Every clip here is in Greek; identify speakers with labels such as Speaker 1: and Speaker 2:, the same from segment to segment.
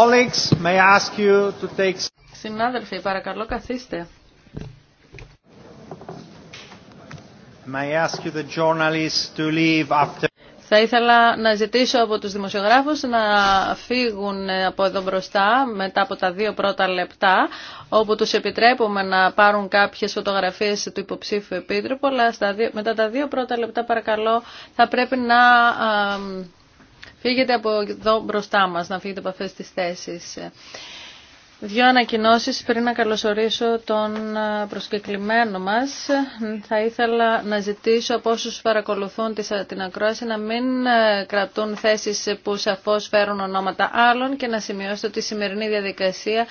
Speaker 1: Colleagues, may I ask you to take... Συνάδελφοι, παρακαλώ καθίστε. May I ask you the journalists to leave after... Θα ήθελα να ζητήσω από τους δημοσιογράφους να φύγουν ε, από εδώ μπροστά μετά από τα δύο πρώτα λεπτά όπου τους επιτρέπουμε να πάρουν κάποιες φωτογραφίες του υποψήφιου επίτροπου αλλά μετά τα δύο πρώτα λεπτά παρακαλώ θα πρέπει να Φύγετε από εδώ μπροστά μας, να φύγετε από αυτές τις θέσεις. Δύο ανακοινώσεις πριν να καλωσορίσω τον προσκεκλημένο μας. Θα ήθελα να ζητήσω από όσους παρακολουθούν την ακρόαση να μην κρατούν θέσεις που σαφώς φέρουν ονόματα άλλων και να σημειώσετε ότι η σημερινή διαδικασία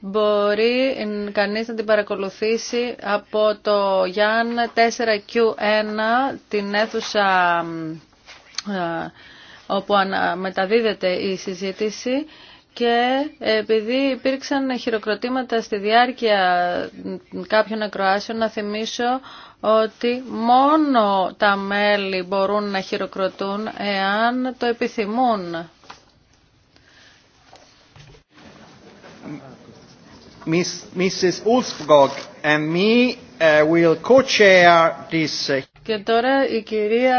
Speaker 1: μπορεί κανείς να την παρακολουθήσει από το Γιάν 4Q1 την αίθουσα όπου μεταδίδεται η συζήτηση και επειδή υπήρξαν χειροκροτήματα στη διάρκεια κάποιων ακροάσεων, να θυμίσω ότι μόνο τα μέλη μπορούν να χειροκροτούν εάν το επιθυμούν.
Speaker 2: Uh, uh,
Speaker 1: και τώρα η κυρία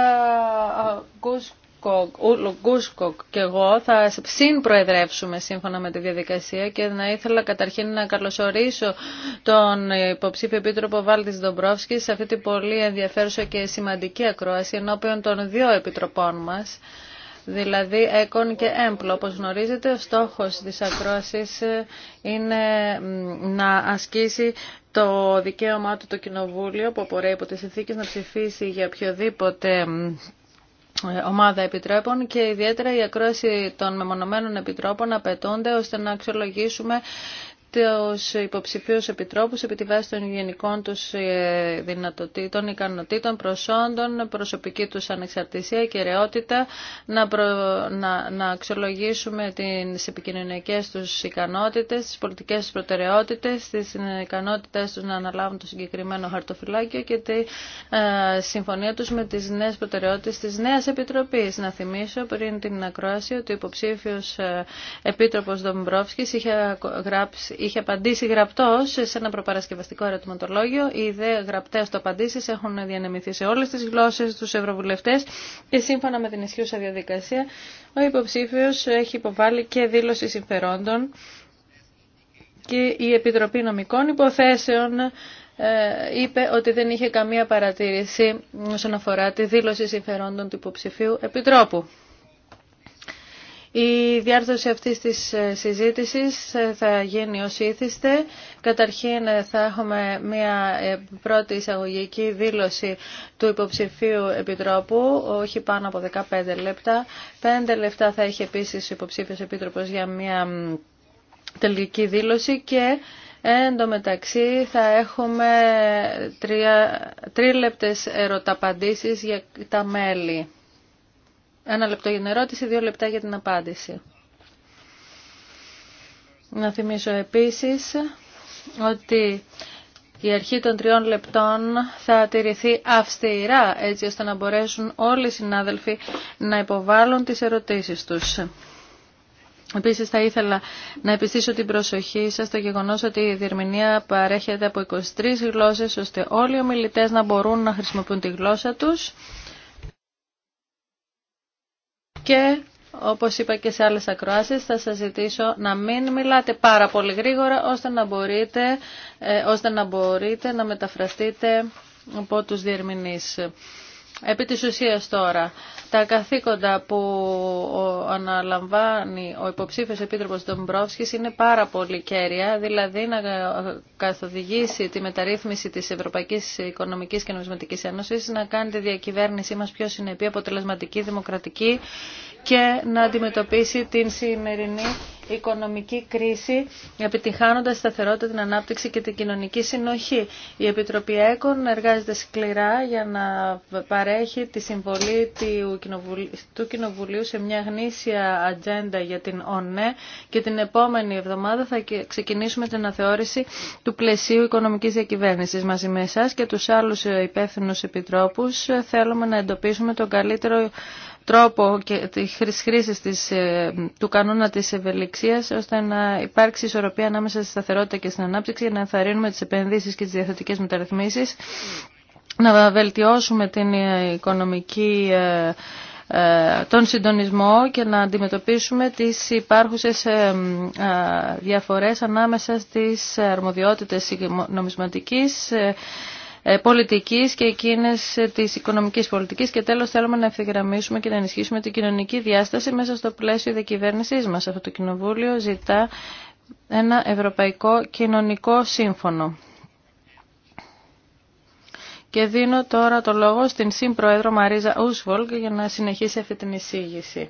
Speaker 1: Λουγκούσκοκ και εγώ θα συμπροεδρεύσουμε σύμφωνα με τη διαδικασία και να ήθελα καταρχήν να καλωσορίσω τον υποψήφιο επίτροπο Βάλτης Δομπρόσκη σε αυτή την πολύ ενδιαφέρουσα και σημαντική ακρόαση ενώπιον των δύο επιτροπών μας δηλαδή έκον και έμπλο. Όπως γνωρίζετε, ο στόχος της ακρόασης είναι να ασκήσει το δικαίωμά του το Κοινοβούλιο που απορρέει από τις συνθήκες να ψηφίσει για οποιοδήποτε ε, ομάδα επιτρέπων και ιδιαίτερα η ακρόαση των μεμονωμένων επιτρόπων απαιτούνται ώστε να αξιολογήσουμε τους υποψηφίους επιτρόπους επί τη βάση των γενικών τους ε, δυνατοτήτων, ικανοτήτων, προσόντων, προσωπική τους ανεξαρτησία και ρεότητα, να, να, να αξιολογήσουμε τις επικοινωνιακές τους ικανότητες, τις πολιτικές τους προτεραιότητες, τις ικανότητες τους να αναλάβουν το συγκεκριμένο χαρτοφυλάκιο και τη ε, συμφωνία τους με τις νέες προτεραιότητες της νέας Επιτροπής. Να θυμίσω πριν την ακρόαση ότι ο υποψήφιος ε, Επίτροπος είχε γράψει είχε απαντήσει γραπτό σε ένα προπαρασκευαστικό ερωτηματολόγιο. Οι δε γραπτές του απαντήσεις έχουν διανεμηθεί σε όλες τις γλώσσες του ευρωβουλευτέ, και σύμφωνα με την ισχύουσα διαδικασία ο υποψήφιος έχει υποβάλει και δήλωση συμφερόντων και η Επιτροπή Νομικών Υποθέσεων ε, είπε ότι δεν είχε καμία παρατήρηση όσον αφορά τη δήλωση συμφερόντων του υποψηφίου επιτρόπου. Η διάρθρωση αυτής της ε, συζήτησης ε, θα γίνει ως ήθιστε. Καταρχήν ε, θα έχουμε μια πρώτη εισαγωγική δήλωση του υποψηφίου επιτρόπου, όχι πάνω από 15 λεπτά. 5 λεπτά θα έχει επίσης ο υποψήφιος επίτροπος για μια τελική δήλωση και Εν τω μεταξύ θα έχουμε τρία, λεπτές ερωταπαντήσεις για τα μέλη. Ένα λεπτό για την ερώτηση, δύο λεπτά για την απάντηση. Να θυμίσω επίσης ότι η αρχή των τριών λεπτών θα τηρηθεί αυστηρά, έτσι ώστε να μπορέσουν όλοι οι συνάδελφοι να υποβάλουν τις ερωτήσεις τους. Επίσης θα ήθελα να επιστήσω την προσοχή σας στο γεγονός ότι η διερμηνία παρέχεται από 23 γλώσσες, ώστε όλοι οι ομιλητές να μπορούν να χρησιμοποιούν τη γλώσσα τους και όπως είπα και σε άλλες ακροάσεις, θα σας ζητήσω να μην μιλάτε πάρα πολύ γρήγορα, ώστε να μπορείτε, ε, ώστε να, μπορείτε να μεταφραστείτε από τους διερμηνείς. Επί της ουσίας τώρα, τα καθήκοντα που αναλαμβάνει ο υποψήφιος επίτροπος Ντομπρόφσκης είναι πάρα πολύ κέρια, δηλαδή να καθοδηγήσει τη μεταρρύθμιση της Ευρωπαϊκής Οικονομικής και Νομισματικής Ένωσης, να κάνει τη διακυβέρνησή μας πιο συνεπή, αποτελεσματική, δημοκρατική και να αντιμετωπίσει την σημερινή οικονομική κρίση, επιτυχάνοντας σταθερότητα την ανάπτυξη και την κοινωνική συνοχή. Η Επιτροπή ΕΚΟΝ εργάζεται σκληρά για να παρέχει τη συμβολή του Κοινοβουλίου σε μια γνήσια ατζέντα για την ΟΝΕ και την επόμενη εβδομάδα θα ξεκινήσουμε την αναθεώρηση του πλαισίου οικονομικής διακυβέρνησης. Μαζί με εσά και τους άλλους υπεύθυνου επιτρόπους θέλουμε να εντοπίσουμε τον καλύτερο τρόπο και τη χρήση ε, του κανόνα της ευελιξίας ώστε να υπάρξει ισορροπία ανάμεσα στη σταθερότητα και στην ανάπτυξη για να ενθαρρύνουμε τις επενδύσεις και τις διαθετικές μεταρρυθμίσεις, να βελτιώσουμε την ε, οικονομική ε, τον συντονισμό και να αντιμετωπίσουμε τις υπάρχουσες διαφορές ανάμεσα στις αρμοδιότητες νομισματικής ε, πολιτικής και εκείνες ε, της οικονομικής πολιτικής και τέλος θέλουμε να ευθυγραμμίσουμε και να ενισχύσουμε την κοινωνική διάσταση μέσα στο πλαίσιο διακυβέρνησής μας. Αυτό το Κοινοβούλιο ζητά ένα Ευρωπαϊκό Κοινωνικό Σύμφωνο. Και δίνω τώρα το λόγο στην Σύμπροέδρο Μαρίζα
Speaker 2: Ούσβολγκ για να συνεχίσει αυτή την εισήγηση.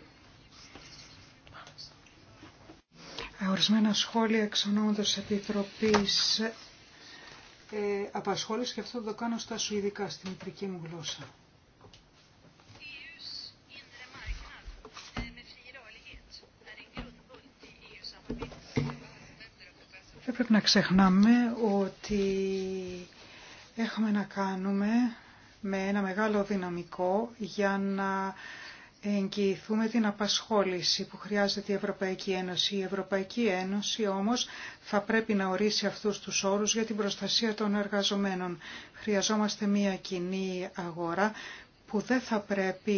Speaker 2: Ορισμένα σχόλια εξ Επιτροπής ε, απασχόληση και αυτό το κάνω στα σουηδικά, στη μητρική μου γλώσσα. Δεν πρέπει να ξεχνάμε ότι έχουμε να κάνουμε με ένα μεγάλο δυναμικό για να εγγυηθούμε την απασχόληση που χρειάζεται η Ευρωπαϊκή Ένωση. Η Ευρωπαϊκή Ένωση όμως θα πρέπει να ορίσει αυτούς τους όρους για την προστασία των εργαζομένων. Χρειαζόμαστε μια κοινή αγορά που δεν θα πρέπει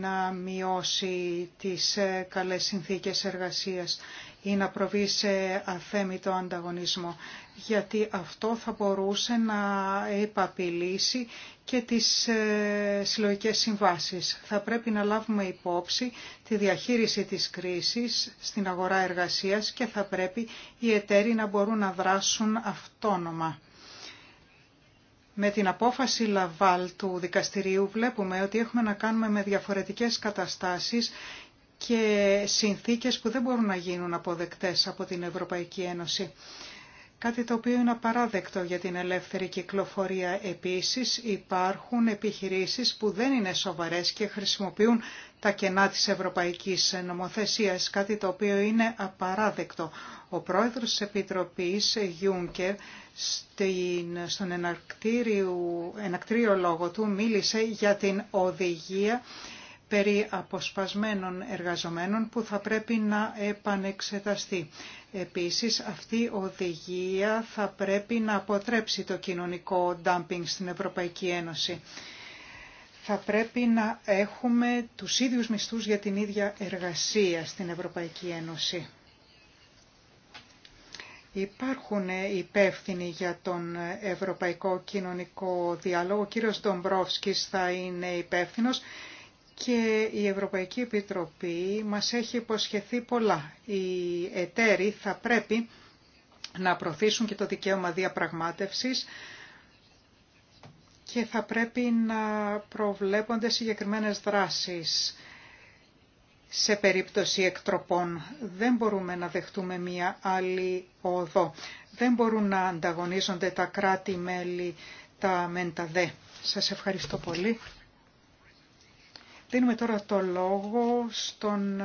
Speaker 2: να μειώσει τις ε, καλές συνθήκες εργασίας ή να προβεί σε αθέμητο ανταγωνισμό, γιατί αυτό θα μπορούσε να επαπειλήσει και τις ε, συλλογικές συμβάσεις. Θα πρέπει να λάβουμε υπόψη τη διαχείριση της κρίσης στην αγορά εργασίας και θα πρέπει οι εταίροι να μπορούν να δράσουν αυτόνομα. Με την απόφαση Λαβάλ του δικαστηρίου βλέπουμε ότι έχουμε να κάνουμε με διαφορετικές καταστάσεις και συνθήκες που δεν μπορούν να γίνουν αποδεκτές από την Ευρωπαϊκή Ένωση. Κάτι το οποίο είναι απαράδεκτο για την ελεύθερη κυκλοφορία. Επίσης υπάρχουν επιχειρήσεις που δεν είναι σοβαρές και χρησιμοποιούν τα κενά της ευρωπαϊκής νομοθεσίας, κάτι το οποίο είναι απαράδεκτο. Ο πρόεδρος της Επιτροπής, Γιούνκερ, στον ενακτήριο λόγο του μίλησε για την οδηγία περί αποσπασμένων εργαζομένων που θα πρέπει να επανεξεταστεί. Επίσης, αυτή η οδηγία θα πρέπει να αποτρέψει το κοινωνικό ντάμπινγκ στην Ευρωπαϊκή Ένωση. Θα πρέπει να έχουμε τους ίδιους μισθούς για την ίδια εργασία στην Ευρωπαϊκή Ένωση. Υπάρχουν υπεύθυνοι για τον Ευρωπαϊκό Κοινωνικό Διάλογο. Ο κύριος Ντομπρόφσκης θα είναι υπεύθυνος και η Ευρωπαϊκή Επιτροπή μας έχει υποσχεθεί πολλά. Οι εταίροι θα πρέπει να προωθήσουν και το δικαίωμα διαπραγμάτευσης και θα πρέπει να προβλέπονται συγκεκριμένες δράσεις. Σε περίπτωση εκτροπών δεν μπορούμε να δεχτούμε μία άλλη οδό. Δεν μπορούν να ανταγωνίζονται τα κράτη-μέλη τα μεν τα δε. Σας ευχαριστώ πολύ. Δίνουμε τώρα το λόγο στον